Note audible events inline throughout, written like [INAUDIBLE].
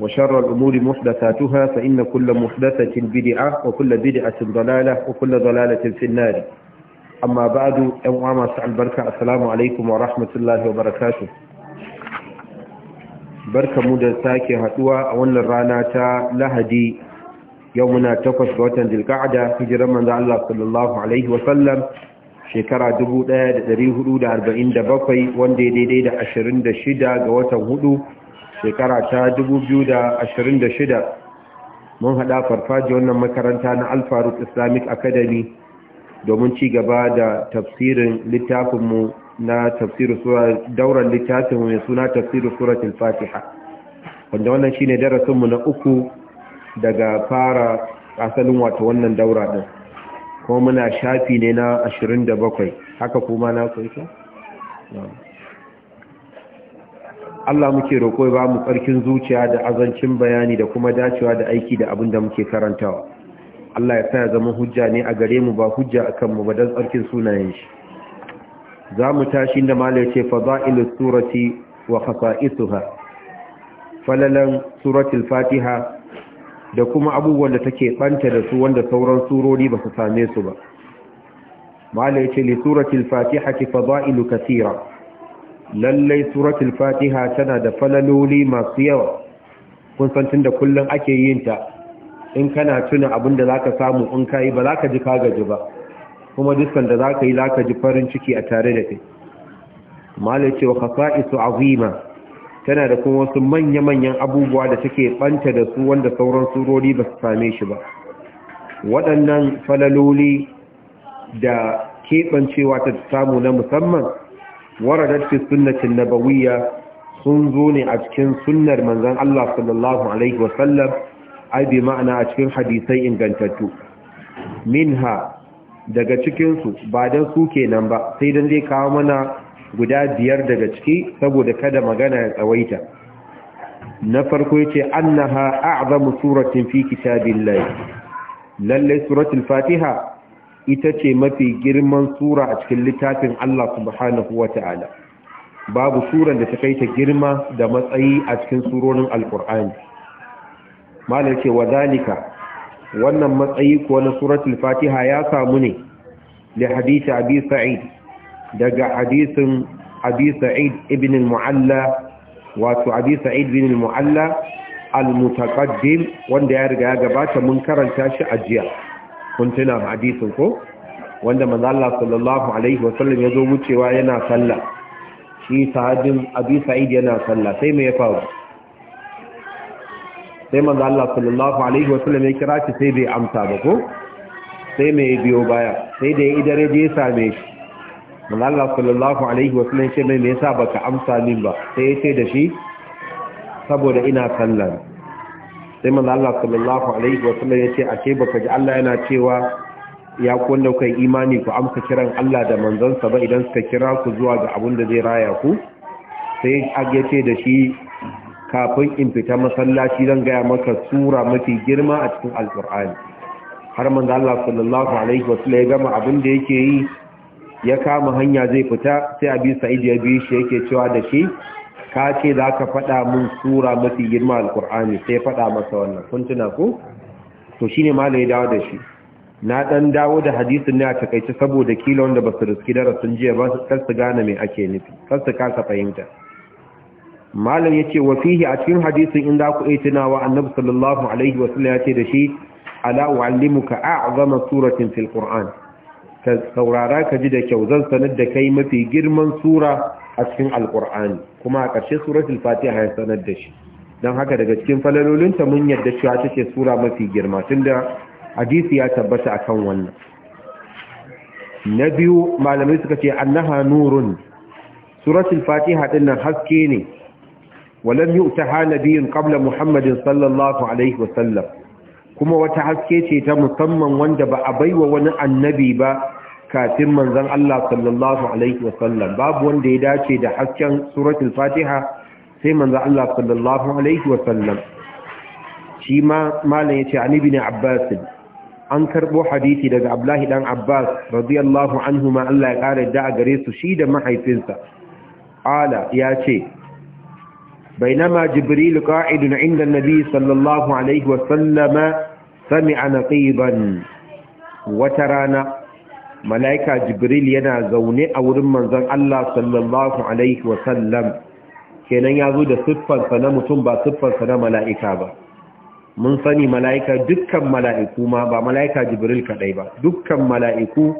وشر الأمور محدثاتها فإن كل محدثة بدعة وكل بدعة ضلالة وكل ضلالة في النار أما بعد أمام سعد بركة السلام عليكم ورحمة الله وبركاته بركة مدى ساكي هدوى أولا رانا تا لهدي يومنا تقص بوتن ذي القعدة في جرمان الله صلى الله عليه وسلم shekara 1447 wanda ya daidai da 26 ga watan hudu shekara ta 2026 mun hada farfaji wannan makaranta na alfaruk islamic academy domin ci gaba da tafsirin littafinmu na tafsirin sura dauran littafinmu mai suna tafsirin sura fatiha wanda wannan shi ne darasinmu na uku daga fara asalin wato wannan daura din kuma muna shafi ne na 27 haka kuma na kuka Allah muke roƙo ba mu tsarkin zuciya da azancin bayani da kuma dacewa da aiki da abin da muke karantawa Allah ya sa ya zama hujja ne a gare mu ba hujja akan mu ba dan tsarkin sunayen shi za mu tashi inda mala ya ce fada'ilus surati wa khasa'isuha falalan suratul fatiha da kuma abubuwan da take banta da su wanda sauran surori ba su same su ba mala ya ce li suratul fatihati fada'ilu kathira lallai suratul fatiha tana da falaloli masu yawa kun san tunda kullun ake yin ta in kana tuna abin da zaka samu in kai ba zaka ji kagaji ba kuma dukkan da zaka yi zaka ji farin ciki a tare da kai malai ce wa khasa'isu azima tana da kuma wasu manya-manyan abubuwa da take banta da su wanda sauran surori ba su same shi ba waɗannan falaloli da keɓancewa ta samu na musamman waradat fi sunnatin nabawiyya sun zo ne a cikin sunnar manzon Allah sallallahu alaihi wa sallam ai bi ma'ana a cikin hadisai ingantattu minha daga cikin su ba dan su kenan ba sai dan zai kawo mana guda biyar daga ciki saboda kada magana ya tsawaita na farko yace annaha a'zamu suratin fi kitabillahi lalle suratul fatiha ita ce mafi girman sura a cikin littafin Allah subhanahu wa ta'ala babu suran da ta kai ta girma da matsayi a cikin surorin alkur'ani malar ce wa zalika wannan matsayi kuwa na suratul fatiha ya samu ne da hadisi abi sa'id daga hadisin abi sa'id ibn al-mu'alla wato abi sa'id ibn al-mu'alla al-mutaqaddim wanda ya riga ya gabata mun karanta shi a jiya kun tuna hadisin ko wanda manzo Allah sallallahu alaihi wasallam ya zo wucewa yana sallah shi sahabin Abi Sa'id yana sallah sai me ya faru sai manzo Allah sallallahu alaihi wasallam ya kira shi sai bai amsa ba ko sai me ya biyo baya sai da ya idare ya same shi manzo Allah sallallahu alaihi wasallam ya ce mai me yasa baka amsa min ba sai ya ce da shi saboda ina sallah sai manzo Allah sallallahu alaihi wa sallam yace ce baka ji Allah yana cewa ya ku wanda imani ku amsa kiran Allah da manzansa ba idan suka kira ku zuwa ga abin da zai raya ku sai ya ce da shi kafin in fita masallaci zan gaya maka sura mafi girma a cikin alkur'ani har manzo Allah sallallahu alaihi sallam ya gama abun da yake yi ya kama hanya zai fita sai abi sa'id ya bi shi yake cewa da shi ka ce za ka faɗa mun sura mafi girma alkur'ani sai faɗa masa wannan kun tuna ko to shine malai ya dawo da shi na dan dawo da hadisin ne a takaice saboda kila wanda ba su riski darasin jiya ba kar su gane me ake nufi kar su kasa fahimta malam yace wa fihi a cikin hadisin in za ku iya tunawa annabi sallallahu alaihi wa sallam yace da shi ala ka a'zama suratin fil qur'an ka saurara ka ji da kyau zan sanar da kai mafi girman sura a cikin alkur'ani kuma a ƙarshe suratul fatiha ya sanar da shi don haka daga cikin falalolinta mun yadda cewa take sura mafi girma tunda hadisi ya tabbata akan wannan na biyu malamai suka ce annaha nurun suratul fatiha ɗin nan haske ne walam hana nabiyyun qabla muhammadin sallallahu alaihi wasallam kuma wata haske ce ta musamman wanda ba a baiwa wani annabi ba kafin manzan Allah sallallahu alaihi wasallam babu wanda ya dace da hasken suratul fatiha sai manzan Allah sallallahu alaihi wasallam shi ma malam yace an ibn abbas an karbo hadithi daga abdullahi dan abbas radiyallahu anhu, ma Allah ya kare da gare su shi da mahaifinsa ala yace بينما جبريل قاعد عند النبي صلى الله عليه وسلم سمع نقيبا وترانا malaika jibril yana zaune a wurin manzon Allah sallallahu alaihi wasallam kenan ya zo da siffarsa na mutum ba siffarsa na mala'ika ba mun sani mala'ika dukkan mala'iku ma ba mala'ika jibril kadai ba dukkan mala'iku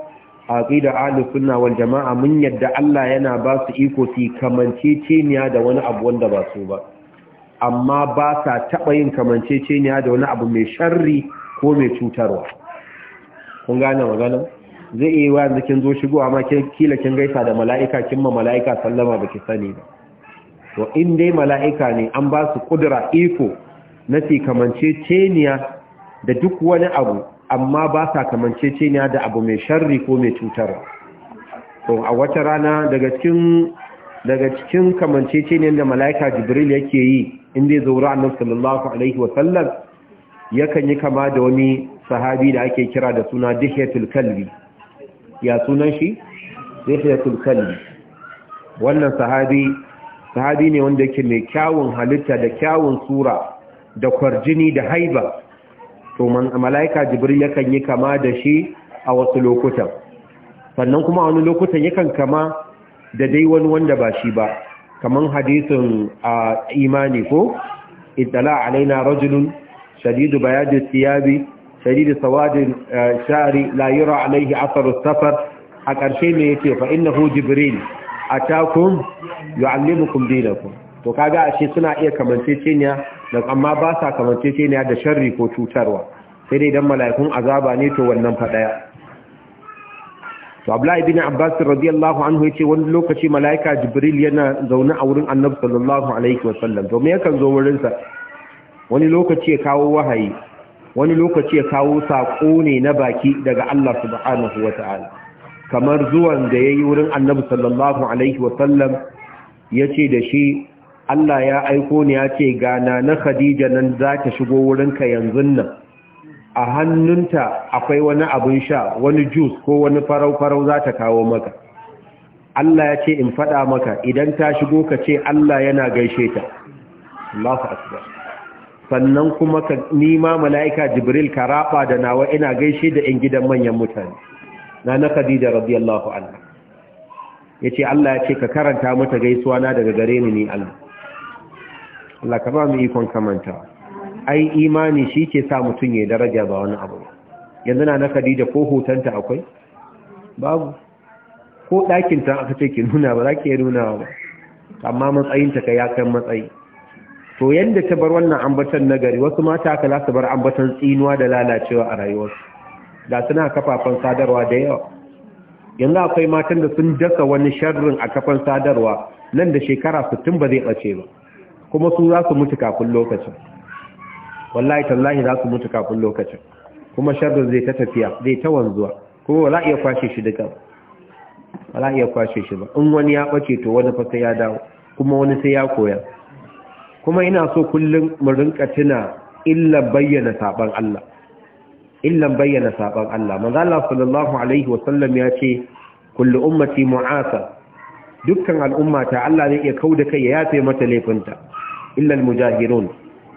a ƙida alisunna wal jama'a mun yadda Allah yana ba su iko su kamanceceniya da wani abu wanda ba su ba amma ba sa taɓa yin kamanceceniya da wani abu mai sharri ko mai cutarwa kun gane maganar zai iya wa yanzu kin zo shigo kin kila kin gaisa da mala'ika kin ma mala'ika sallama baki sani ba to in dai mala'ika ne an ba su kudura iko na fi kamanceceniya da duk wani abu amma ba sa kamanceceniya da abu mai sharri ko mai cutar. to a wata rana daga cikin daga cikin kamanceceniyar da mala'ika jibril yake yi in dai zaura annabi sallallahu alaihi wa sallam yakan yi kama da wani sahabi da ake kira da suna dihiyatul kalbi ya sunan shi yahyatul kalbi wannan sahabi sahabi ne wanda yake mai kyawun halitta da kyawun sura da kwarjini da haiba to mala'ika jibril yakan yi kama da shi a wasu lokutan sannan kuma wani lokutan yakan kama da dai wani wanda ba shi ba kaman hadisin a imani ko itala alaina rajulun shadidu bayadu siyabi shadid sawadin shari la yura alaihi athar a ƙarshe me yace fa innahu jibril atakum yu'allimukum dinakum to kaga ashe suna iya kamanceceniya da amma ba kamanceceniya da sharri ko cutarwa sai dai dan mala'ikun azaba ne to wannan fa to Abdullahi ibn Abbas radiyallahu anhu ce wani lokaci mala'ika Jibril yana zaune a wurin Annabi sallallahu alaihi wasallam yakan zo wurin sa wani lokaci ya kawo wahayi wani lokaci ya kawo saƙo ne na baki daga Allah subhanahu wa ta'ala kamar zuwan da ya yi wurin annabi sallallahu alaihi wasallam ya ce da shi Allah ya aiko ni ya ce gana na khadija nan za ta shigo ka yanzu nan a hannunta akwai wani abin sha wani jus ko wani farau-farau za ta kawo maka Allah ya ce in faɗa maka idan ta shigo ka ce Allah yana gaishe ta Allahu akbar sannan kuma ka nima mala'ika jibril ka raba da nawa ina gaishe da ‘yan gidan manyan mutane na na khadija radiyallahu anha ya ce Allah ya ce ka karanta mata gaisuwa na daga gare ni ni Allah Allah ka ba mu ikon kamanta ai imani shi ke sa mutum ya daraja ba wani abu yanzu na na khadija ko hotonta akwai babu ko ɗakinta aka ce ki nuna ba za ki nuna ba amma matsayinta ka ya kan matsayi to yadda ta bar wannan ambatan nagari wasu mata aka za su bar ambatan tsinuwa da lalacewa a rayuwarsu da suna kafafan sadarwa da yawa yanzu akwai matan da sun dasa wani sharrin a kafan sadarwa nan da shekara sittin ba zai ɓace ba kuma su za su mutu kafin lokacin wallahi tallahi za su mutu kafin lokacin kuma sharrin zai ta tafiya zai ta wanzuwa kuma wala iya kwashe shi duka wala iya kwashe shi ba in wani ya ɓace to wani fa sai ya dawo kuma wani sai ya koya kuma ina so kullum mu rinka tuna illan bayyana saban Allah illan bayyana saban Allah manzo Allah sallallahu alaihi wasallam ya ce kullu ummati mu'asa dukkan al'ummata Allah zai iya kauda kai ya yafe mata laifinta illal mujahirun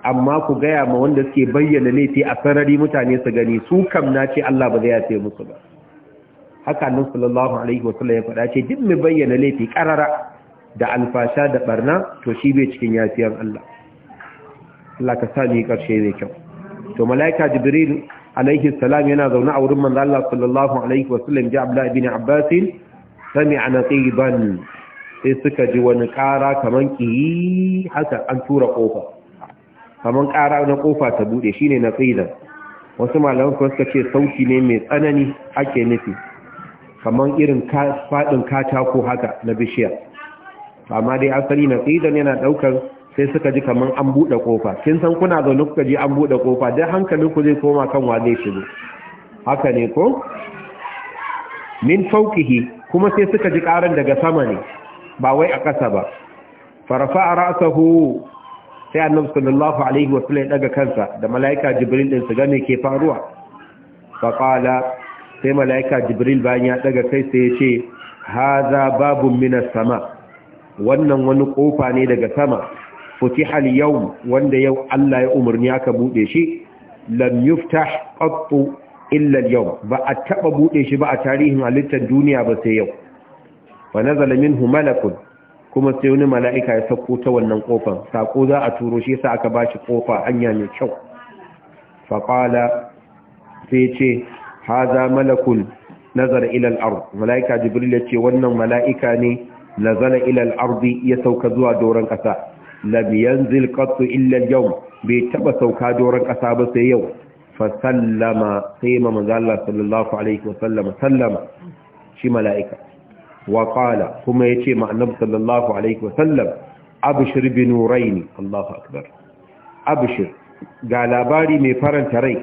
amma ku gaya ma wanda suke bayyana laifi a sarari mutane su gani su kam na ce Allah ba zai yafe musu ba haka annabi sallallahu alaihi wasallam ya faɗa ce duk mai bayyana laifi karara da alfasha da barna to shi bai cikin yafiyan Allah Allah ka sa ni karshe mai kyau to malaika jibril alaihi salam yana zaune a wurin manzo Allah sallallahu alaihi wasallam ji Abdullah ibn Abbas sami'a naqiban sai suka ji wani ƙara kaman ki haka an tura kofa kaman ƙara na kofa ta bude shine naqiban wasu malaman kuma suka ce sauki ne mai tsanani ake nufi kaman irin faɗin katako haka na bishiya amma dai asali na tsidan yana daukar sai suka ji kaman an buɗe ƙofa. kin san kuna zaune kuka ji an buɗe kofa dai hankalin ku zai koma kan wa zai shigo haka ne ko min fawqihi kuma sai suka ji karan daga sama ne ba wai a ƙasa ba farafa ra'sahu sai annabi sallallahu alaihi wa sallam ya daga kansa da malaika jibril din su ga ke faruwa fa qala sai malaika jibril bayan ya daga kai sai ya ce hadha babun minas sama' wannan wani kofa ne daga sama futihal yau wanda yau Allah ya umarni aka bude shi lam yuftah qattu illa al-yawm ba a taba bude shi ba a tarihin halittar duniya ba sai yau fa nazala minhu malakun kuma sai wani mala'ika ya sauko ta wannan kofar sako za a turo shi yasa aka bashi kofa hanya mai kyau fa qala sai ce haza malakun nazar ila al-ard mala'ika jibril ya ce wannan mala'ika ne nazala ila al-ardi ya sauka zuwa doron ƙasa. lam yanzil qattu illa al bai taba sauka doron ƙasa ba sai yau fa sallama sai ma manzo Allah sallallahu alaihi wa sallam sallama shi malaika wa qala kuma yace ma annabi sallallahu alaihi wa sallam abshir bi nuraini Allahu akbar abshir ga labari mai faranta rai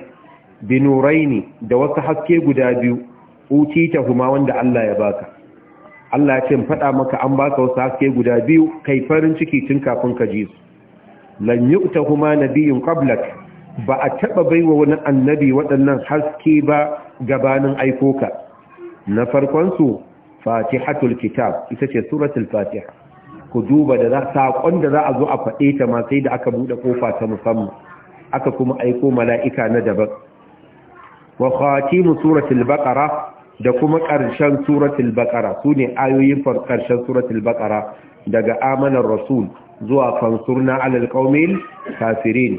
bi nuraini da wasu haske guda biyu uti ta huma wanda Allah ya baka Allah ya ce faɗa maka an baka wasu haske guda biyu kai farin ciki tun kafin ka ji su lan yu'ta huma nabiyyun qablak ba a taɓa baiwa wani annabi waɗannan haske ba gabanin aikoka na farkonsu fatihatul kitab ita ce suratul fatiha ku duba da saƙon da za a zo a faɗe ta ma sai da aka buɗe kofa ta musamman aka kuma aiko mala'ika na daban wa khatimu suratul baqara da kuma ƙarshen suratul baqara sune ayoyin ƙarshen suratul baqara daga amanar rasul zuwa fansurna alal qaumil kafirin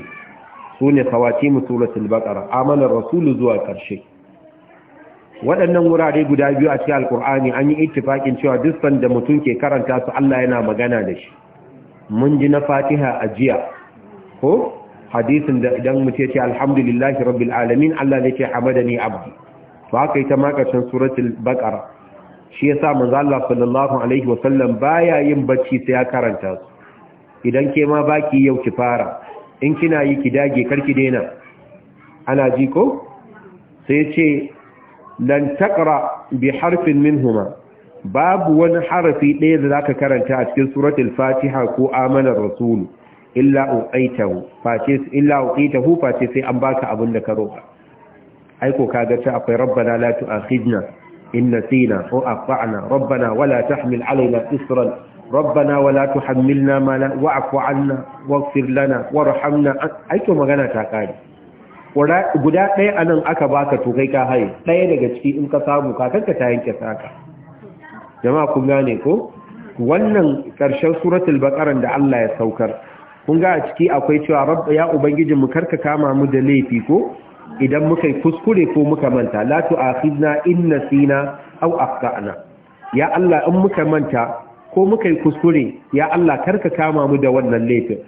sune khawatimu suratul baqara amanar rasul zuwa ƙarshe waɗannan wurare guda biyu a cikin alkur'ani an yi ittifakin cewa duk sanda mutum ke karanta su Allah yana magana da shi mun ji na fatiha a jiya ko hadisin da idan ya ce alhamdulillahi rabbil alamin Allah ne ce hamadani abdi Ba haka ta ma ƙarshen suratul baqara shi yasa manzo Allah sallallahu alaihi baya yin bacci sai ya karanta su idan ke ma baki yau ki fara in kina yi ki dage karki daina ana ji ko sai ce lan taqra bi harfin minhuma babu wani harafi ɗaya da zaka karanta a cikin suratul fatiha ko amanar rasul illa uqaitahu face illa uqaitahu face sai an baka abin da ka roƙa aiko kaga ta akwai rabbana la tu'akhidna in nasina aw akhtana rabbana wala tahmil alaina isran rabbana wala tuhammilna ma la wa'fu 'anna waghfir lana warhamna aiko magana ta kare guda ɗaya a nan aka baka to kai ka hayi ɗaya daga ciki in ka samu kakanka ta yanke saka jama'a kun gane ko wannan karshen suratul baqaran da Allah ya saukar kun ga a ciki akwai cewa rabb ya ubangiji mu karka kama mu da laifi ko idan muka yi kuskure ko muka manta la tu'akhidna in nasina aw akhtana ya Allah in muka manta ko muka yi kuskure ya Allah karka kama mu da wannan laifin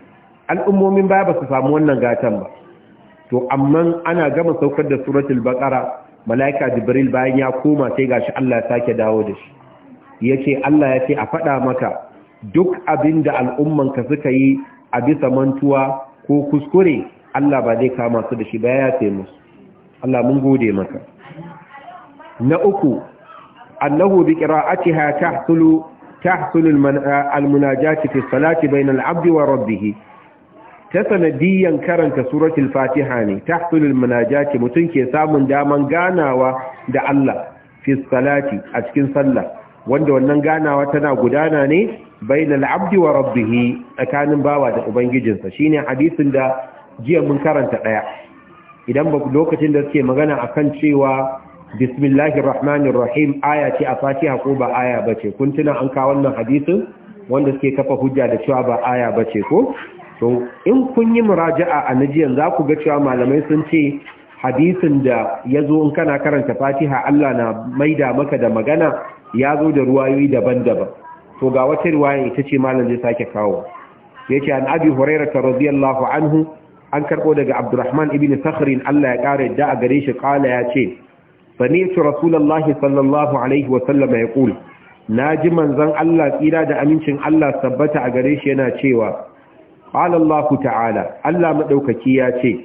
al'ummomin baya ba su samu wannan gatan ba to amma ana gama saukar da suratul baqara malaika jibril bayan ya koma sai gashi Allah ya sake dawo da shi yace Allah ya ce a faɗa maka duk abinda al'ummanka suka yi a bisa mantuwa ko kuskure Allah ba zai kama su da shi ba ya yafe musu Allah mun gode maka na uku annahu bi qira'atiha tahsulu tahsulu al-munajati fi salati bayna al abd wa rabbih ta sanadiyan karanta suratul fatiha ne tahsulu al-munajati mutun ke samun daman ganawa da Allah fi salati a cikin sallah wanda wannan ganawa tana gudana ne al-'abd wa rabbih tsakanin bawa da ubangijinsa shine hadisin da jiya mun karanta ɗaya idan ba lokacin da suke magana akan cewa bismillahir rahmanir rahim aya ce a fatiha ko ba aya bace kun tuna an kawo wannan hadisin wanda suke kafa hujja da cewa ba aya bace ko to in kun yi muraja'a a najiyan za ku ga cewa malamai sun ce hadisin da ya zo in kana karanta fatiha Allah na maida maka da magana ya zo da ruwayoyi daban-daban to ga wata riwaya ita ce malam zai sake kawo yace an abi hurairah radiyallahu anhu an karɓo daga abdurrahman ibn Sakharin Allah ya ƙara yadda a gare shi ƙala ya ce sanitu rasulullahi sallallahu alaihi wasallam ya ƙul na ji manzan Allah tsira da amincin Allah sabbata a gare shi yana cewa ƙalallahu ta'ala Allah maɗaukaki ya ce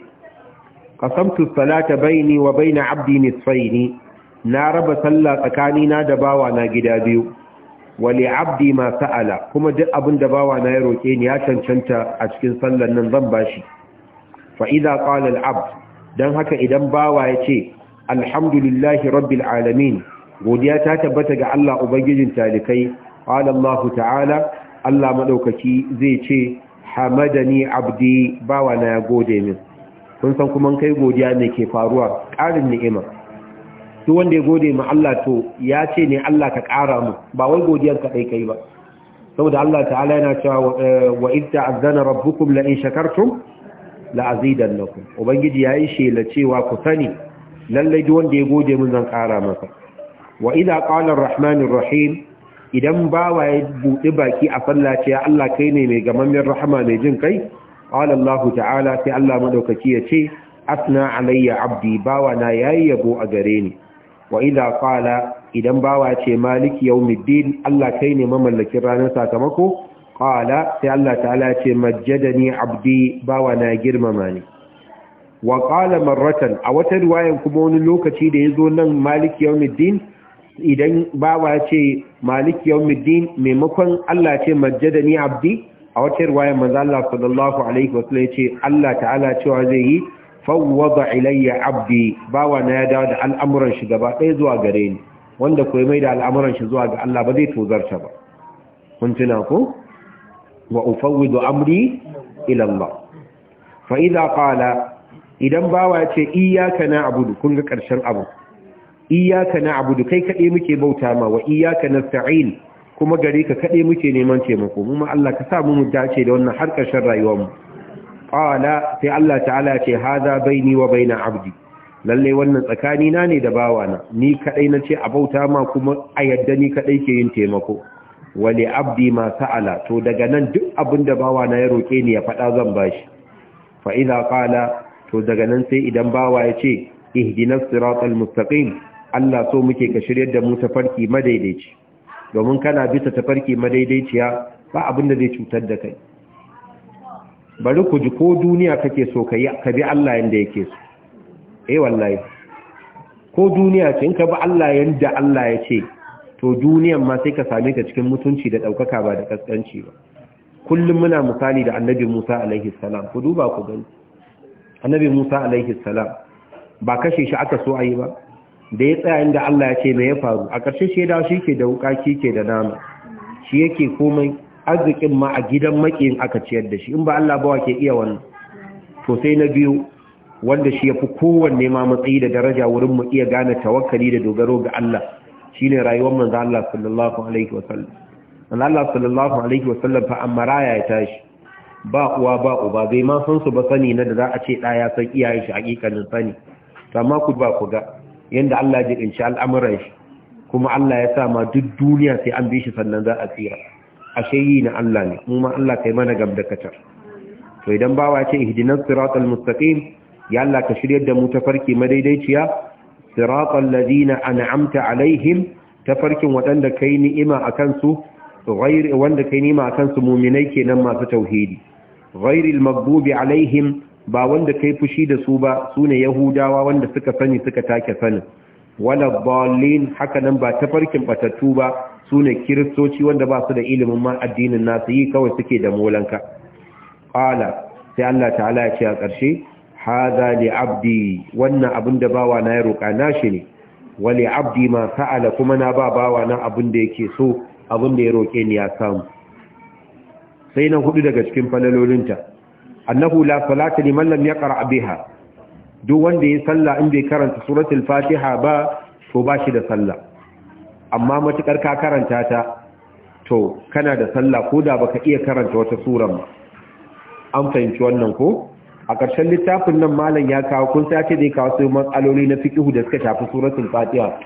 kasamtu salata baini wa baina abdi nisfaini na raba sallah tsakanina da bawa na gida biyu wali abdi ma sa'ala kuma duk abin da bawa na ya roke ni ya cancanta a cikin sallan nan zan bashi fa idza qala dan haka idan bawa yace alhamdulillahi rabbil alamin godiya ta tabbata ga Allah ubangijin talikai qala Allah ta'ala Allah madaukaki zai ce hamadani abdi bawa na ya gode min kun san kuma kai godiya ne ke faruwa ƙarin ni'ima duk wanda ya gode ma Allah to ya ce ne Allah ka ƙara mu ba wai godiyar ka kai kai ba saboda Allah ta'ala yana cewa wa idza azana rabbukum la in shakartum la'azidan lakum ubangiji ya yi shela cewa ku sani lallai duk wanda ya gode mun zan kara masa wa idza qala arrahmanir rahim idan wa ya buɗe baki a sallace ya Allah kai ne mai gamammen rahama mai jin kai qala Allah ta'ala sai Allah madaukaki ya ce asna alayya abdi bawa na yayi yabo a gare ni wa idza qala idan ba bawa ce maliki yawmiddin Allah kai ne mamallakin ranar sakamako qala sai Allah ta'ala ce majjadani abdi wa na girmama ni wa qala marratan a wata riwayan kuma wani lokaci da yazo nan malik yawmiddin idan bawa ce malik yawmiddin maimakon Allah ce majjadani abdi a wata riwayan manzo Allah sallallahu alaihi wasallam ce, Allah ta'ala cewa zai yi fawwada ilayya abdi wa na ya dawo da al'amuran shi gaba ɗaya zuwa gare ni wanda koyi mai da al'amuran shi zuwa ga Allah ba zai tozarta ba kun tuna ko wa amri ila Fa'iza fa idan bawa ce, iyaka na Abudu kun ga ƙarshen abu na Abudu kai kaɗai muke bauta ma wa na nasta'in kuma gare ka kade muke neman taimako Kuma Allah ka sa mu dace da wannan har karshen rayuwar mu qala sai Allah ta'ala ce bai baini wa baina abdi lalle wannan tsakani na ne da Bawa na. ni na nace a bauta ma kuma a yadda ni kaɗai ke yin taimako Wani abdi ma sa'ala to daga nan duk abin da bawa na ya roke ni ya faɗa zan bashi fa idza qala to daga nan sai idan bawa ya ce ihdinas siratal mustaqim Allah so muke ka shiryar da mu tafarki madaidaici domin kana bisa tafarki madaidaiciya ba abin da zai cutar da kai bari ku ji ko duniya kake so ka bi Allah yanda yake so eh wallahi ko duniya ce in ka bi Allah yanda Allah ya ce to duniyan ma sai ka same ta cikin mutunci da ɗaukaka ba da kaskanci ba kullum muna misali da annabi musa alaihi salam ku duba ku gani annabi musa alaihi salam ba kashe shi aka so ayi ba da ya tsaya inda allah ya ce me ya faru a ƙarshe shi dawo shi ke da wuka shi ke da nama shi yake komai arzikin ma a gidan makiyin aka ciyar da shi in ba allah bawa ke iya wannan to sai na biyu wanda shi ya fi kowanne ma matsayi da daraja wurin mu iya gane tawakkali da dogaro ga allah Shi ne rayuwar manzo Allah sallallahu alaihi wasallam manzo Allah sallallahu alaihi wasallam fa amara ya tashi ba uwa ba uba bai ma san su ba sani na da za a ce ɗaya san iyaye shi hakikanin sani to amma ku ba ku ga yanda Allah ya shi al'amuran shi kuma Allah ya sa ma duk duniya sai an bi shi sannan za a tsira ashe yi na Allah ne kuma Allah Allah kai mana gamdakatar to idan bawa ya ce ihdinas siratal mustaqim ya Allah ka shiryar da mu ta farki madaidaiciya siratal ladina an'amta alaihim tafarkin wadanda kai ni'ima kai ni'ima akan su mu'minai kenan masu tauhidi ghairil maghdubi alaihim ba wanda kai fushi da su ba sune yahudawa wanda suka sani suka take sani. wala dalin haka nan ba tafarkin batattu ba sune kiristoci wanda ba su da ilimin ma addinin nasu yi kawai suke da molanka qala sai Allah ta'ala ya ce a ƙarshe haza li abdi wannan abin da bawa na ya roƙa nashi ne wali abdi ma sa'ala kuma na ba bawa na abin da yake so abin da ya roƙe ni ya samu sai na hudu daga cikin falalolinta annahu la salata liman lam yaqra biha duk wanda ya salla in bai karanta suratul fatiha ba to ba shi da salla amma matukar ka karanta ta to kana da salla ko da baka iya karanta wata sura ba an fahimci wannan ko a ƙarshen littafin nan malam ya kawo kun sa ce zai kawo su matsaloli na fikihu da suka shafi suratul fatiha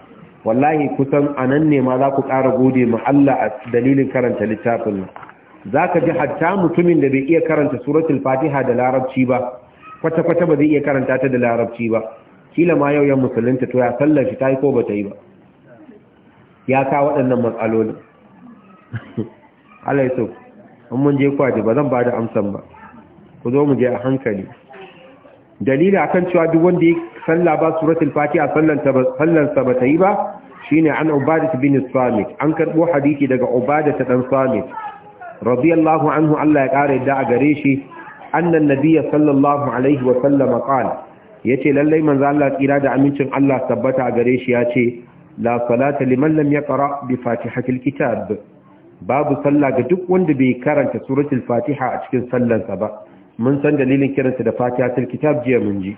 wallahi kusan anan ne ma za ku ƙara gode ma Allah a dalilin karanta littafin nan za ka ji hatta mutumin da bai iya karanta suratul fatiha da larabci ba kwata-kwata ba zai iya karanta ta da larabci ba kila ma yau yan musulunta to ya sallar shi ta yi ko ba ta yi ba ya kawo waɗannan matsaloli [LAUGHS] Allah ya so in mun je kwaji ba zan ba da amsan ba ku zo mu je a hankali dalili akan cewa duk wanda ya salla ba suratul fatiha sallan sa ba ta yi ba shine an ubadat bin samit an karbo hadisi daga ubadat dan samit radiyallahu anhu Allah ya kare da a gare shi annan nabiyya sallallahu alaihi wa sallam qala yace lallai manzo Allah tsira da amincin Allah tabbata a gare shi yace la salata liman lam yaqra bi fatihatil kitab babu sallah ga duk wanda bai karanta suratul fatiha a cikin sallansa ba mun san dalilin kiransa da Fatiha fatihatul kitab jiya mun ji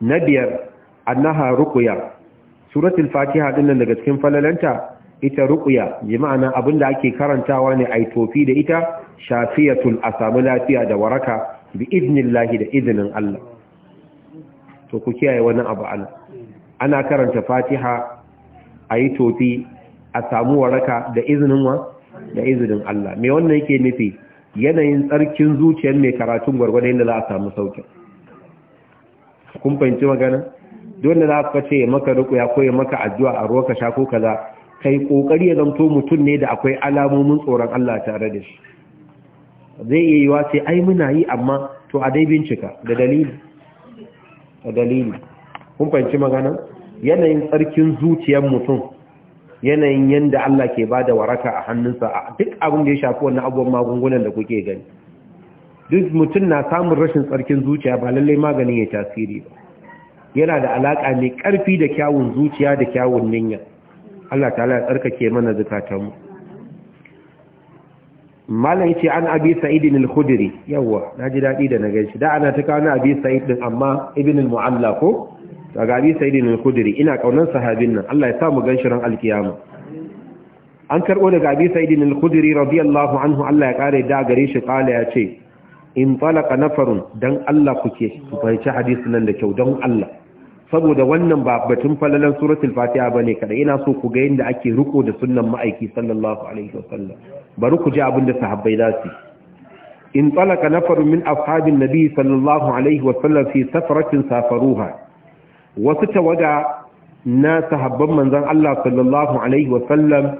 na biyar annaha ruqya suratul fatiha din nan daga cikin falalanta ita ruqya bi ma'ana da ake karantawa ne ai tofi da ita shafiyatul asamu lafiya da waraka bi idnillahi da idnin Allah to ku kiyaye wannan abu ana ana karanta fatiha ayi tofi a samu waraka da izinin wa da izinin Allah me wannan yake nufi yanayin tsarkin zuciyar mai karatun gwargwadon yadda za a samu saukin kun fahimci magana dole za a ka ya maka ko ya maka addu'a a ruwa ka sha ko kaza kai kokari ya zanto mutum ne da akwai alamomin tsoron Allah tare da shi zai iya yiwa sai ai muna yi amma to a dai bincika da dalili da dalili kun fahimci magana yanayin tsarkin zuciyar mutum yanayin yadda Allah ke ba da waraka a hannunsa a duk abin da ya shafi wannan abubuwan magungunan da kuke gani duk mutum na samun rashin tsarkin zuciya ba lallai magani ya tasiri ba yana da alaƙa mai ƙarfi da kyawun zuciya da kyawun niyya Allah ta'ala ya tsarkake mana mu. malam ce an abi sa'id al-khudri yawa naji dadi da na gaishe da ana ta kawo abi sa'id din amma ibinin al-mu'alla ko daga abi sa'idin al-khudri ina kaunan sahabin nan Allah ya sa mu gan shirin alkiyama an karbo daga abi sa'idin al-khudri radiyallahu anhu Allah ya kare da gare shi kala ya ce in talaka nafarun dan Allah kuke ku fahimci hadisin nan da kyau don Allah saboda wannan ba batun falalan suratul fatiha bane kada ina so ku ga yanda ake riko da sunnan ma'aiki sallallahu alaihi wasallam bari ku ji abin da sahabbai za su in talaka nafarun min ashabin nabi sallallahu alaihi wasallam fi safaratin safaruha wasu tawaga na sahabban manzan Allah sallallahu alaihi wasallam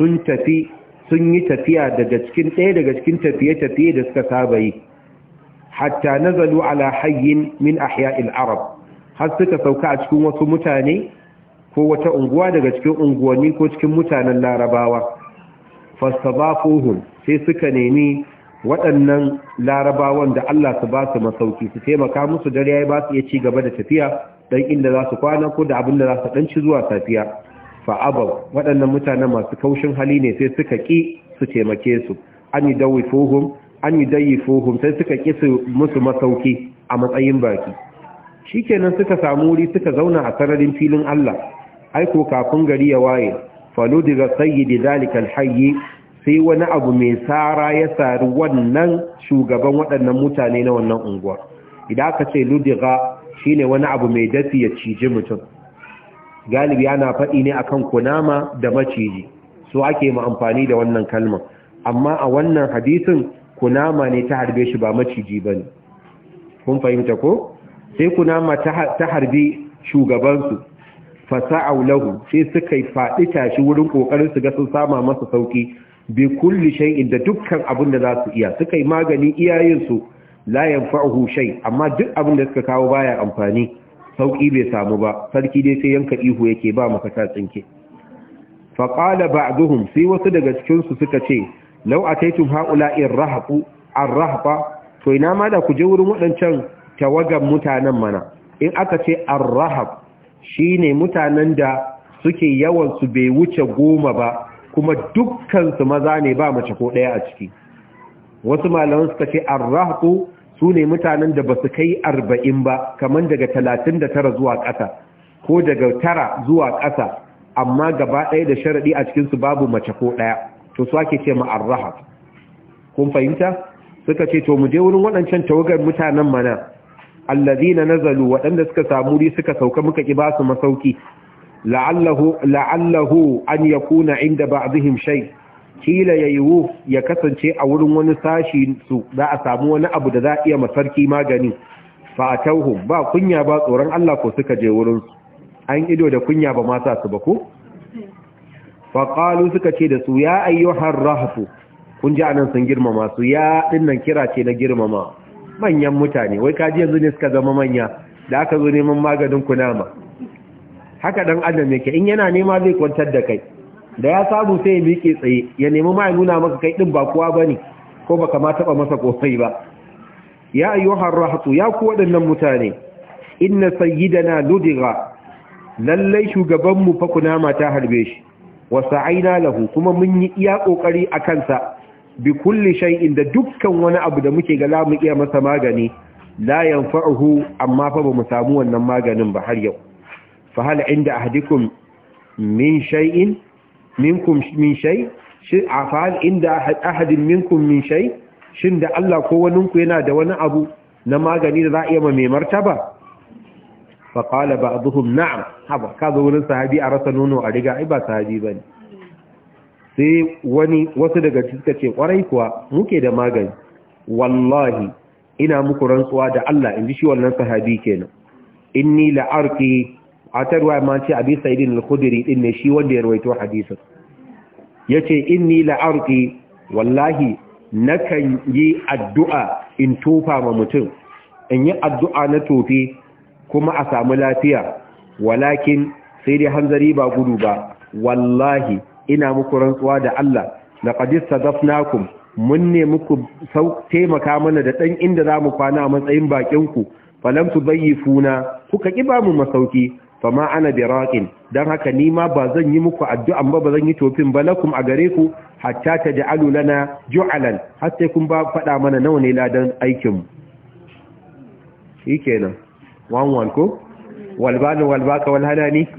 sun tafi sun yi tafiya daga cikin ɗaya daga cikin tafiye-tafiye da suka saba yi hatta nazalu ala hayyin min ahya'il arab har suka sauka a cikin wasu mutane ko wata unguwa daga cikin unguwanni ko cikin mutanen larabawa fastabaquhum sai suka nemi waɗannan larabawan da Allah su ba su masauki su taimaka musu dare ya ba su iya ci gaba da tafiya dan inda za su kwana ko da abin da za su dan zuwa safiya fa abaw waɗannan mutanen masu kaushin hali ne sai suka ki su taimake su an yi fuhum an yi fuhum sai suka ki su musu masauki a matsayin baki shikenan suka samu wuri suka zauna a sararin filin Allah Ai ko kafin gari ya waye ga sayyidi zalika alhayy sai wani abu mai sara ya sari wannan shugaban waɗannan mutane na wannan unguwa idan aka ce ludiga Shi ne wani abu mai dafi ya ciji mutum galibi ana faɗi ne akan kunama da maciji so ake ma amfani da wannan kalma amma a wannan hadisin kunama ne ta harbe shi ba maciji ba ne. kun fahimta ko sai kunama ta harbe shugabansu a wulahu sai suka yi faɗi tashi wurin ƙoƙarin su ga sun sama masa sauki bi kulli shan inda dukkan abin da za su iya suka yi magani iyayensu la yanfa'uhu shay amma duk abin da suka kawo baya amfani sauki bai samu ba sarki dai sai yanka ihu yake ba maka ta tsinke fa qala ba'dhum sai wasu daga cikin su suka ce law ataytum ha'ula'in rahaqu ar-rahba to ina ma da ku je wurin wadancan tawagan mutanen mana in aka ce ar-rahab shine mutanen da suke yawan su bai wuce goma ba kuma dukkan su maza ne ba mace ko daya a ciki wasu malaman suka ce arrahqu su ne mutanen da ba su kai arba'in ba kamar daga talatin da tara zuwa ƙasa ko daga tara zuwa ƙasa amma gaba ɗaya da sharaɗi a cikinsu babu mace ko ɗaya to su ake ce ma'arraha kun fahimta suka ce to mu je wurin waɗancan tawagar mutanen mana na nazalu waɗanda suka samu ri suka sauka muka ƙi basu masauki la'allahu an yakuna inda ba'dihim shay kila ya yiwu ya kasance a wurin wani sashi su za a samu wani abu da za a iya masarki magani fa a fatauhu ba kunya ba tsoron Allah ko suka je wurin an ido da kunya ba ma su ba ko Kalu suka ce da su ya ayyuhar rahfu kun ji anan sun girmama su ya dinnan kira ce na girmama manyan mutane wai kaji yanzu ne suka zama manya da aka zo neman maganin kunama haka dan adam yake in yana nema zai kwantar da kai da ya samu sai ya miƙe tsaye ya nemi mai nuna maka kai ɗin ba kowa bane ko baka ma taba masa kofai ba ya ayyuhar rahatu ya ku waɗannan mutane inna sayyidana ludiga lallai shugabanmu fa kunama ta harbe shi wa sa'aina lahu kuma mun yi iya kokari a kansa bi kulli shay'in da dukkan wani abu da muke ga lamu iya masa magani la yanfa'uhu amma fa bamu samu wannan maganin ba har yau fa hal inda ahadikum min shay'in minkum min shay shi afal inda ahadin minkum min shay shin da Allah ko waninku yana da wani abu na magani da za a iya ma mai martaba fa qala ba'dhum na'am haba kaza wurin sahabi a rasa nono a riga ai ba sahabi bane sai wani wasu daga cikin ce kwarai kuwa muke da magani wallahi ina muku rantsuwa da Allah in ji shi wannan sahabi kenan inni la'arqi a ta ruwa ma ce abi sa'idin al-khudri din ne shi wanda ya rawaito hadisin yace inni la'arqi wallahi nakan yi addu'a in tufa ma mutum in yi addu'a na tofi kuma a samu lafiya walakin sai dai hanzari ba gudu ba wallahi ina muku rantsuwa da Allah qadis sadafnakum mun ne muku taimaka mana da ɗan inda zamu kwana a matsayin ku falam tubayifuna kuka ƙi ba mu masauki fama ana biraqin dan haka ni ma ba zan yi muku addu'an ba ba zan yi tofin ba lakum a gare ku hatta taj'alu lana ju'alan har sai kun ba fada mana nawa ne ladan aikin mu shikenan wan wan ko ka wal walhanani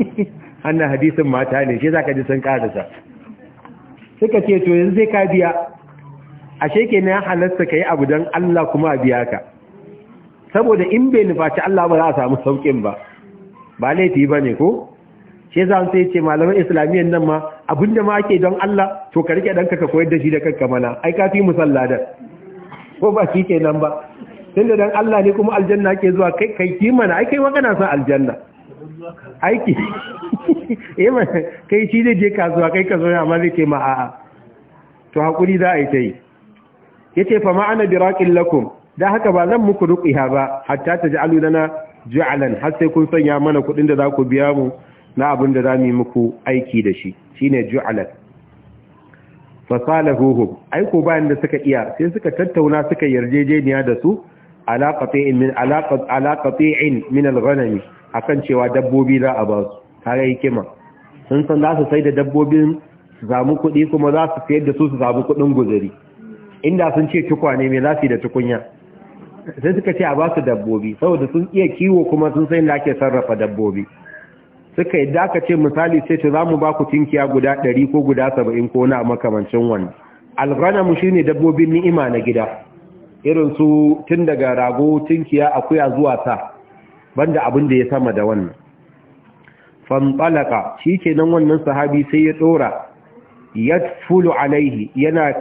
[LAUGHS] annan hadisin mata ne shi zaka ji sun karasa suka ce to yanzu zai ka biya ashe kenan halatta kai abu dan Allah kuma a biya ka saboda in bai nufaci Allah ba za a samu saukin ba ba laifi ba ne ko shi su sai ce malaman islamiyyar nan ma da ma ke don Allah to ka rike ɗanka ka koyar da shi da kanka mana ai ka fi musalla da ko ba shi nan ba da don Allah ne kuma aljanna ke zuwa kai kai ki mana ai kai magana sun son aljanna aiki [LAUGHS] eh ma kai shi zai je kasuwa kai ka zo ya amma zai ce ma a'a to hakuri za a yi tai yace fa ma'ana biraqin lakum da haka ba zan muku ruqiha ba hatta taj'alu lana ju'alan har sai kun sanya mana kuɗin da za ku biya mu na abin da za mu yi muku aiki da shi shine ju'alan fasalahuhum aiko bayan da suka iya sai suka tattauna suka yarjejeniya da su alaqatin min alaqat alaqatin min alghanami akan cewa dabbobi za a ba su kare hikima sun san za su sai da dabbobin su samu kuɗi kuma za su sayar da su su samu kuɗin guzuri inda sun ce tukwane me za su da tukunya sai suka ce a ba su dabbobi saboda sun iya kiwo kuma sun san da ake sarrafa dabbobi suka yi aka ce misali sai ce za mu ba ku cinkiya guda ɗari ko guda saba'in ko na makamancin wani. mu shi shine dabbobin ni'ima na gida irin su tun daga rago cinkiya akuya zuwa sa banda abin da ya sama da wannan shi ke nan wannan sahabi sai ya ya yadfulu alaihi yana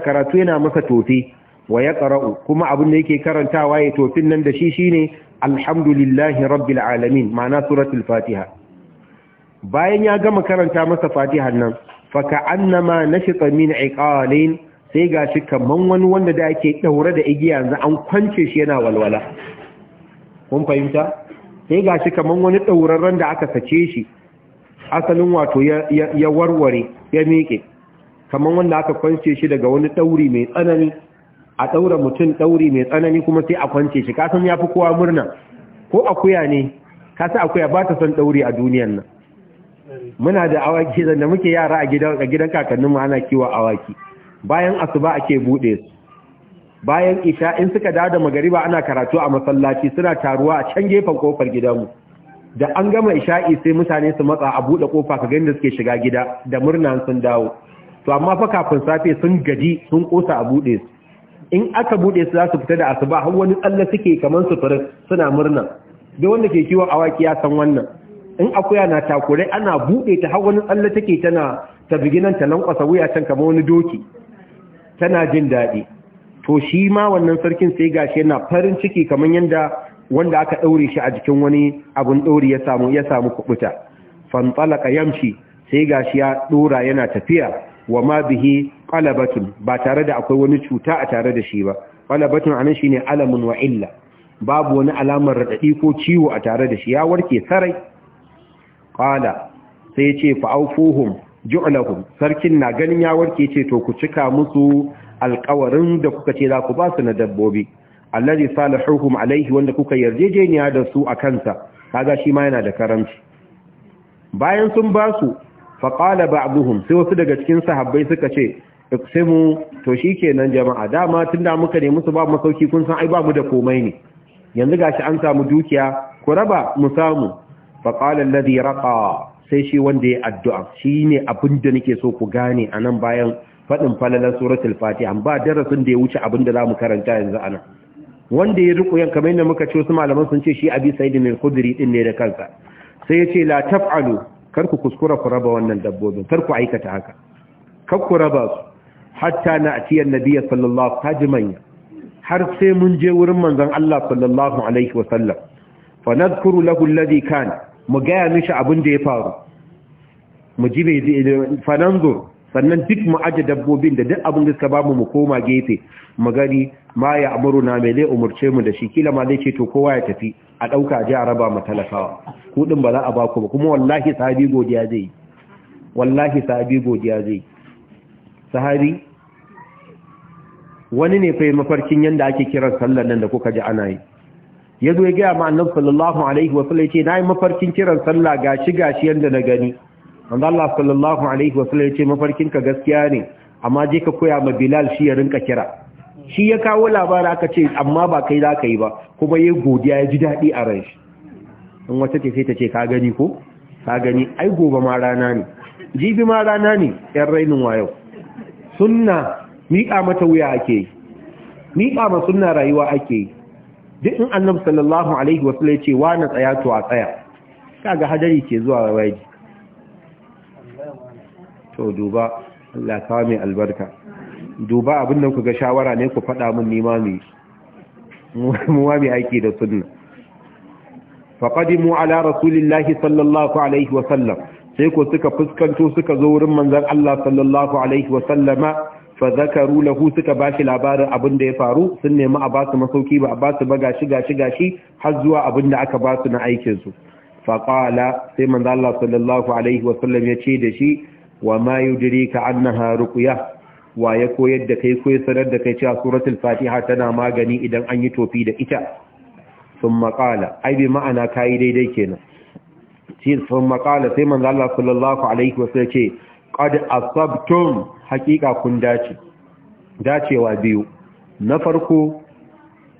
karatu yana masa tofi wa ya ƙara'u kuma abin da yake karantawa ya tofin nan da shi shi shine alhamdulillahi rabbil alamin ma'ana suratul fatiha bayan ya gama karanta masa fatihan nan faka annama nashita min iqalin sai gashi kaman wani wanda da ake daure da igiya yanzu an kwance shi yana walwala kun fahimta sai gashi kaman wani daurarren da aka sace shi asalin wato ya warware ya miƙe kaman wanda aka kwance shi daga wani ɗauri mai tsanani a ɗaura mutum ɗauri mai tsanani kuma sai a kwance shi kasan ya fi kowa murna ko akuya ne kasa akuya ba ta son ɗauri a duniyan nan muna da awaki da muke yara a gidan a gidan kakannin mu ana kiwa awaki bayan asuba ake buɗe. su bayan isha in suka dawo da magariba ana karatu a masallaci suna taruwa a can gefen kofar gidanmu da an gama isha'i sai mutane su matsa a buɗe kofa ka da suke shiga gida da murna sun dawo to amma fa kafin safe sun gaji sun kosa a buɗe. su in aka bude su za su fita da asuba har wani tsalle suke kamar sufurin suna murna da wanda ke kiwon awaki ya san wannan in akuya na takurai ana bude ta har wani tsalle take tana ta biginan ta lankwasa wuya can kamar wani doki tana jin daɗi to shi ma wannan sarkin sai gashi yana farin ciki kamar yadda wanda aka ɗaure shi a jikin wani abun ɗauri ya samu ya samu kubuta fantalaka yamshi sai gashi ya ɗora yana tafiya wa ma bihi qalabatun ba tare da akwai wani cuta a tare da shi ba qalabatun anan shine alamun wa illa babu wani alamar radadi ko ciwo a tare da shi ya warke sarai qala sai ya ce fa'aufuhum ju'lahum sarkin na ganin ya warke ce to ku cika musu alƙawarin da kuka ce za ku ba su na dabbobi allazi salihuhum alaihi wanda kuka yarjejeniya da su a kansa kaga shi ma yana da karanci bayan sun ba su faƙala ba'duhum sai wasu daga cikin sahabbai suka ce iksimu to shi shikenan jama'a dama tunda muka ne musu ba masauki kun san ai ba mu da komai ne yanzu gashi an samu dukiya ku raba mu samu fa qala alladhi raqa sai shi wanda ya addu'a shine abin da nake so ku gane anan bayan fadin falalan suratul fatiha ba darasin da ya wuce abin da mu karanta yanzu anan wanda ya riko yan kamar yadda muka ce wasu malaman sun ce shi abi sayyidin al kuduri din ne da kansa sai ya ce la taf'alu kar ku kuskura ku raba wannan dabbobin kar ku aikata haka kar ku raba su hatta na atiyar nabiya sallallahu alaihi har sai mun je wurin manzon Allah sallallahu alaihi wasallam fa nadhkuru lahu alladhi kan mu gaya mishi abin da ya faru mu ji bai fa nanzur sannan duk mu aje dabbobin da duk abin da suka bamu mu koma gefe mu gani ma ya amuru na mai zai umurce mu da shi kila ma zai ce to kowa ya tafi a ɗauka ji a raba ma talakawa kuɗin ba za a ku ba kuma wallahi sahabi godiya zai wallahi sahabi godiya zai sahabi wani ne fa mafarkin yadda ake kiran sallar nan da kuka ji ana yi ya ya gaya ma annabi sallallahu alaihi wa sallam yace nayi mafarkin kiran sallah gashi gashi yanda na gani manzo Allah sallallahu alaihi wa sallam yace mafarkin ka gaskiya ne amma je ka koya ma Bilal shi ya rinka kira shi ya kawo labarin aka ce amma ba kai za ka yi ba kuma ya godiya ya ji daɗi a ran shi in wata ce sai ta ce ka gani ko ka gani ai gobe ma rana ne jibi ma rana ne yan rainin wayo sunna miƙa mata wuya ake yi miƙa ma sunna rayuwa ake yi duk in annabi sallallahu alaihi wa ya ce wa na tsaya to a tsaya kaga hadari ke zuwa waje to duba Allah kawo mai albarka duba abin da kuga shawara ne ku faɗa min nima mai muwa mai aiki da sunna faƙadimu ala rasulillahi sallallahu alaihi wasallam sai ko suka fuskanto suka zo wurin manzan Allah sallallahu alaihi wasallama fazakaru lahu suka bashi labarin abin da ya faru sun nemi a basu masauki ba a basu ba gashi gashi gashi har zuwa abin da aka basu na aikin su fa qala sai manzo Allah sallallahu alaihi wa sallam ya ce da shi wa ma yudrika annaha ruqya wa ya koyar da kai koyar sanar da kai cewa suratul fatiha tana magani idan an yi tofi da ita thumma qala ai bi ma'ana kai daidai kenan sun makala sai manzo Allah sallallahu alaihi wa sallam ya ce qad asabtum haqiqa kun dace dacewa biyu na farko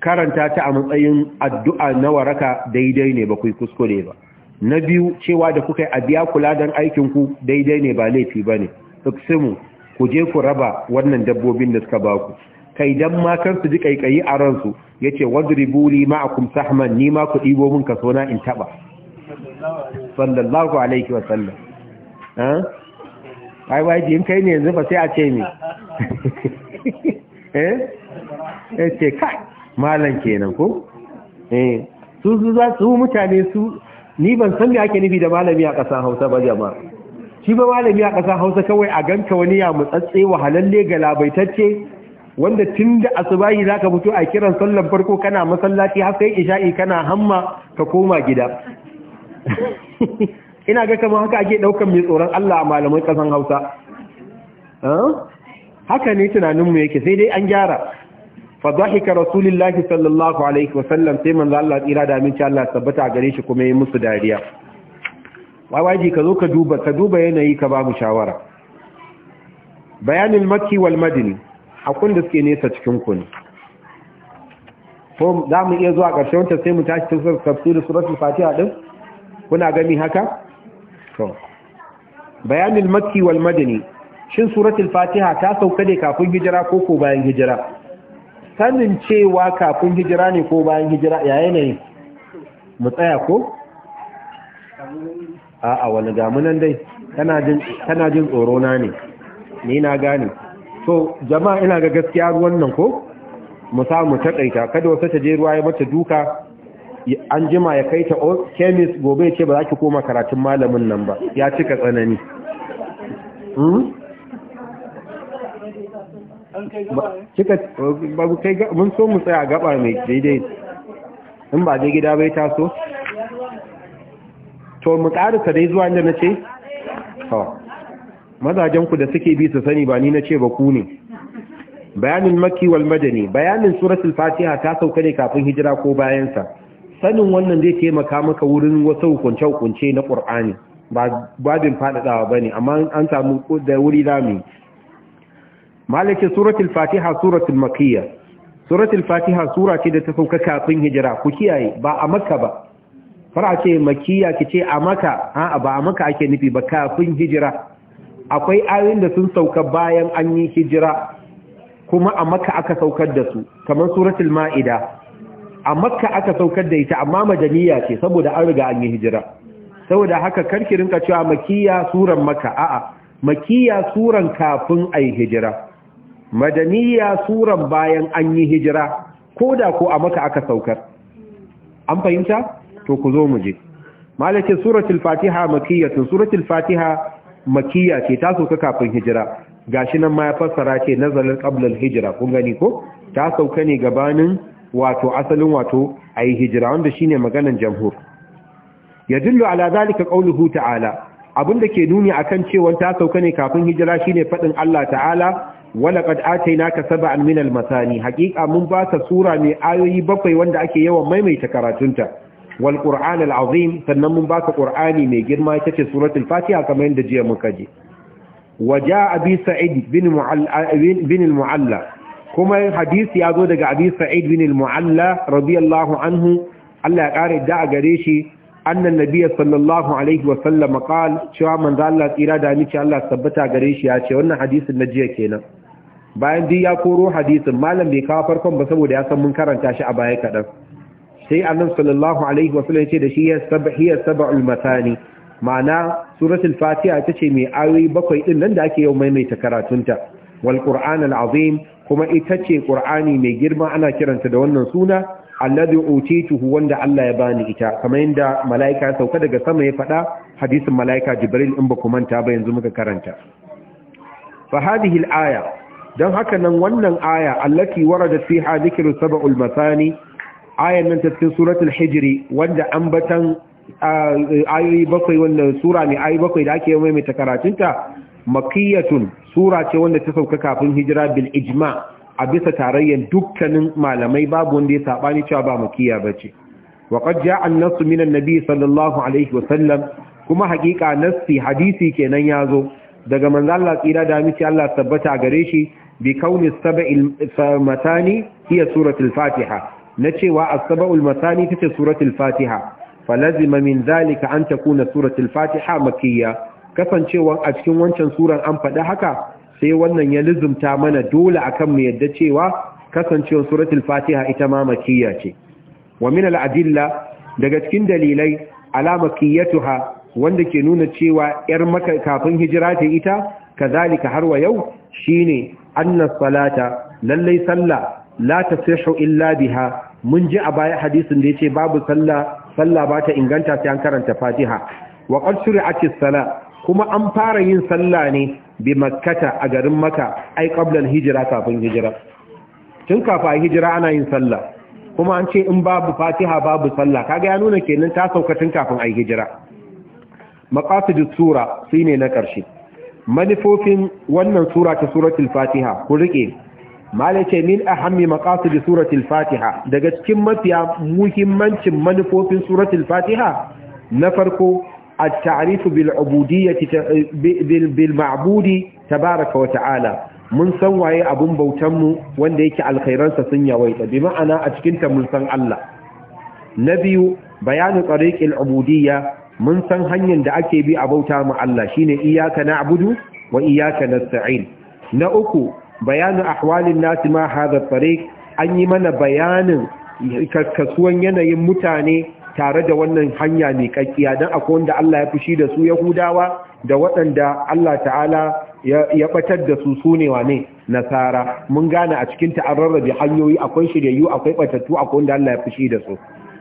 karanta ta a matsayin addu'a na waraka daidai ne ba ku kuskure ba na biyu cewa da kuka yi a biya kula dan aikin ku daidai ne ba laifi ba ne ku je ku raba wannan dabbobin da suka ba ku kai dan ma su ji kaikayi a ran su yace wadribu li ma'akum sahman ni ma ku ɗibo min kaso na in taɓa. sallallahu alaihi wa sallam ai wai in kai ne yanzu ba sai a ce ni [LAUGHS] eh eh ce ka malam kenan ko eh su su za su mutane su ni ban san me ake nufi da malami a ƙasar Hausa ba jama'a shi ba malami a kasar Hausa kawai a ganka wani ya mutsatse wahalalle labaitacce, wanda tun da asubahi zaka ka fito a kiran sallan farko kana masallaci har sai isha'i kana hamma ka koma gida [LAUGHS] ina ga kamar haka ake daukan mai tsoron Allah a malamai kasan Hausa haka ne tunaninmu yake sai dai an gyara fa dhahika rasulullahi sallallahu alaihi wa sallam sai manzo Allah tsira da aminci Allah tabbata gare shi kuma yi musu dariya wawaji ka zo ka duba ka duba yanayi ka babu shawara bayanin makki wal madini kun da suke nesa cikin ku ne ko za mu iya zuwa ƙarshen wata sai mu tashi tafsir suratul fatiha ɗin kuna gani haka to bayanin makki wal madani shin suratul fatiha ta sauka ne kafin hijira ko ko bayan hijira sanin cewa kafin hijira ne ko bayan hijira ya yanayin mu tsaya ko a'a wani gamunan dai tana jin tsoro na ne ni na gane to jama'a ina ga gaskiya ruwan nan ko mu samu kaita kada wata ta je ruwa ya mata duka an jima ya kai ta kemis gobe ya ce ba za ki koma karatun malamin nan ba ya cika tsanani hmm? mun so mu tsaya gaba mai daidai in ba dai gida bai taso to mu ƙarisa dai zuwa inda na ce mazajenku da suke bi su sani ba ni na ce ba ku ne bayanin makiwal wal madani bayanin suratul fatiha ta sauka ne kafin hijira ko bayansa sanin wannan zai taimaka maka wurin wasu hukunce-hukunce na ƙur'ani ba babin faɗaɗawa ba ne amma an samu da wuri rami malaki suratul fatiha suratul makiyya suratul fatiha sura ce da ta sauka kafin hijira ku kiyaye ba a makka ba fara ce makiyya ki ce a maka a ba a maka ake nufi ba kafin hijira akwai ayoyin da sun sauka bayan an yi hijira kuma a maka aka saukar da su kamar suratul ma'ida a makka aka saukar da ita amma madaniya ce saboda an riga an yi hijira saboda haka karki rinka cewa makiya suran makka a'a makiya suran kafin ai hijira madaniya suran bayan an yi hijira ko da ko a makka aka saukar an fahimta to ku zo mu je malace suratul fatiha Makiya. suratul fatiha makiya ce ta sauka kafin hijira gashi nan ma ya fassara ce nazalar qabla al-hijra kun gani ko ta sauka ne gabanin wato asalin wato ayi hijira wanda shine maganan jamhur yadullu ala zalika qawluhu ta'ala abinda ke nuni akan cewa ta sauka ne kafin hijira shine faɗin Allah ta'ala walaqad atainaka sab'an minal masani Haƙiƙa mun baka sura mai ayoyi bakwai wanda ake yawan maimaita karatunta wal al sannan mun baka ƙur'ani mai girma ita ce suratul fatiha kamar yadda jiya muka ji waja abi sa'id bin mu Allah. mu'alla kuma hadisi ya zo daga abi sa'id bin al-mu'alla radiyallahu anhu Allah ya kare da a gare shi annan nabiyyi sallallahu alaihi wa sallam qal cewa manzo Allah tsira da miki Allah tabbata gare shi ya ce wannan hadisin na jiya kenan bayan biyu ya koro hadisin malam bai kawo farkon ba saboda ya san mun karanta shi a baya kadan sai annabi sallallahu alaihi wa sallam ya ce da shi ya sabhiya sab'ul matani ma'ana suratul fatiha ita ce mai ayoyi bakwai din nan da ake yau maimaita karatunta wal qur'an al azim kuma ita ce ƙur'ani mai girma ana kiranta da wannan suna alladhi utituhu wanda Allah ya bani ita kamar yadda malaika ya sauka daga sama ya faɗa hadisin malaika jibril in ba ku manta ba yanzu muka karanta fa hadhihi al-aya dan haka nan wannan aya allati warada fiha dhikru sab'ul masani ayan nan ta cikin suratul hijri wanda ambatan ayoyi bakwai wannan sura ne ayoyi bakwai da ake maimaita karatunta makiyatun sura ce wanda ta sauka kafin hijira bil ijma a bisa tarayyar dukkanin malamai babu wanda ya sabani cewa ba makiya bace wa qad ja'a an nasu min an-nabi sallallahu alaihi wa sallam kuma haƙiƙa nassi hadisi kenan yazo daga manzo Allah tsira da miki Allah tabbata gare shi bi kauni sab'il matani hiya suratul fatiha na cewa as-sab'ul matani tace suratul fatiha falazima min zalika an takuna suratul fatiha makiyya kasancewa a cikin wancan suran an faɗi haka sai wannan ya lizumta mana dole akan mu yadda cewa kasancewar suratul fatiha ita ma makiyya ce wa min al daga cikin dalilai ala makiyatuha wanda ke nuna cewa ‘yar maka kafin hijira ta ita, kazalika har wa yau shine ne salata, lallai sallah, la ta illa biha, mun ji a baya hadisin da ya ce babu salla sallah ba ta inganta sai an karanta fatiha. Wa qad shuri'atis salat kuma an fara yin sallah ne bi makkata a garin maka ai qablal hijira kafin hijira tun kafa hijira ana yin sallah kuma an ce in babu fatiha babu sallah kaga ya nuna kenan ta sauka tun kafin ai hijira maqasidus sura shine na karshe manufofin wannan sura ta suratul fatiha ku rike malace min ahammi maqasid suratul fatiha daga cikin mafiya muhimmancin manufofin suratul fatiha na farko A التعريف بالعبودية بالمعبود تبارك وتعالى mun san waye abun bautanmu wanda yake alkhairansa sun yawaita bi ma'ana a cikinta mun san Allah na biyu bayanu tariqil ubudiyya mun san hanyar da ake bi a bauta mu Allah shine iyyaka na'budu wa iyyaka nasta'in na uku bayanin ahwalin nas ma hadha an yi mana bayanin kakkasuwan yanayin mutane tare da wannan hanya mai kakkiya don akwai wanda Allah ya fushi da su Yahudawa da waɗanda Allah ta'ala ya ɓatar da su su ne wane nasara mun gane a cikin ta'arar an hanyoyi akwai shiryayyu akwai ɓatattu akwai wanda Allah ya fushi da su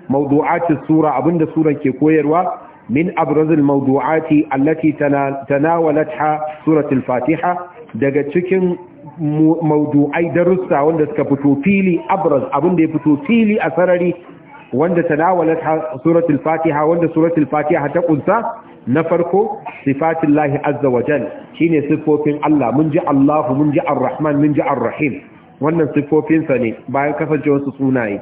mawdu'ati sura abinda suran ke koyarwa min abrazil mawdu'ati allati tanawalatha suratul fatiha daga cikin mawdu'ai darussa wanda suka fito fili abraz abinda ya fito fili a sarari wanda tanawalat suratul fatiha wanda suratul fatiha ta kunsa na farko sifatin azza wa jal shine siffofin Allah mun ji Allahu mun ji Ar-Rahman mun ji Ar-Rahim wannan sifofinsa ne bayan kasance wasu sunaye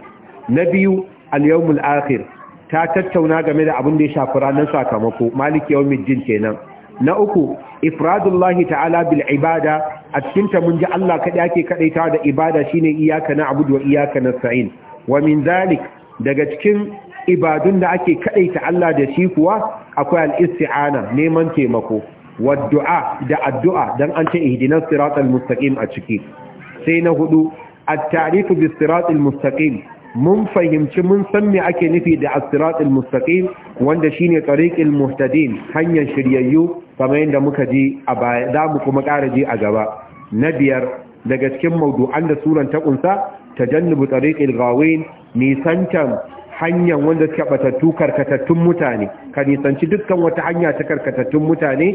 na biyu al-yawmul akhir ta tattauna game da abin da ya shafi ranar sakamako maliki yawmiddin kenan na uku ifradullahi ta'ala bil ibada a cikin ta mun ji Allah kadai ake kadaita da ibada shine iyyaka na'budu wa iyyaka nasta'in wa min zalik daga cikin ibadun da ake ta Allah da shi kuwa akwai al-isti'ana neman taimako waddu'a da addu'a don an ce ihdinas siratal mustaqim a ciki sai na hudu at-ta'rifu bis siratal mustaqim mun fahimci mun san me ake nufi da as-siratal mustaqim wanda shine tariqil muhtadin hanyar shiryayyu kamar yadda muka ji a baya za mu kuma ƙara ji a gaba na biyar daga cikin mawdu'an da suran ta kunsa tajannubu tariqil ghawin nisantan hanyar wanda suka batattu karkatattun mutane ka nisanci dukkan wata hanya ta karkatattun mutane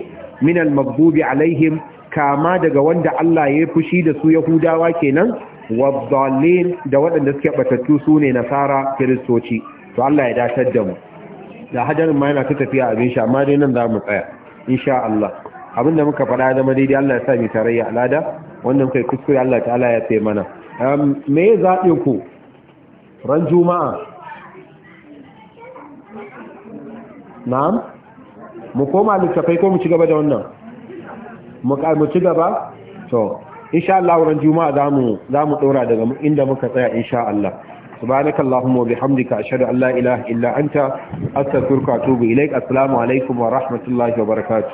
minal magbubi alaihim kama daga wanda Allah ya fushi da su Yahudawa kenan wabdallin da waɗanda suka batattu su ne nasara kiristoci to Allah ya dashar da mu da hadarin ma yana ta tafiya abin sha amma dai nan za mu tsaya insha Allah abinda muka faɗa zama daidai Allah ya sa mu tarayya alada wannan kai kuskure Allah ta'ala ya tsaye mana me ya zaɓe ku ran juma'a na'am mu koma littafai ko mu ci gaba da wannan mu ci gaba to insha Allah ran juma'a zamu zamu dora daga inda muka tsaya insha Allah سبحانك اللهم وبحمدك ashhadu an لا ilaha illa anta astaghfiruka wa atubu السلام عليكم alaikum wa rahmatullahi wa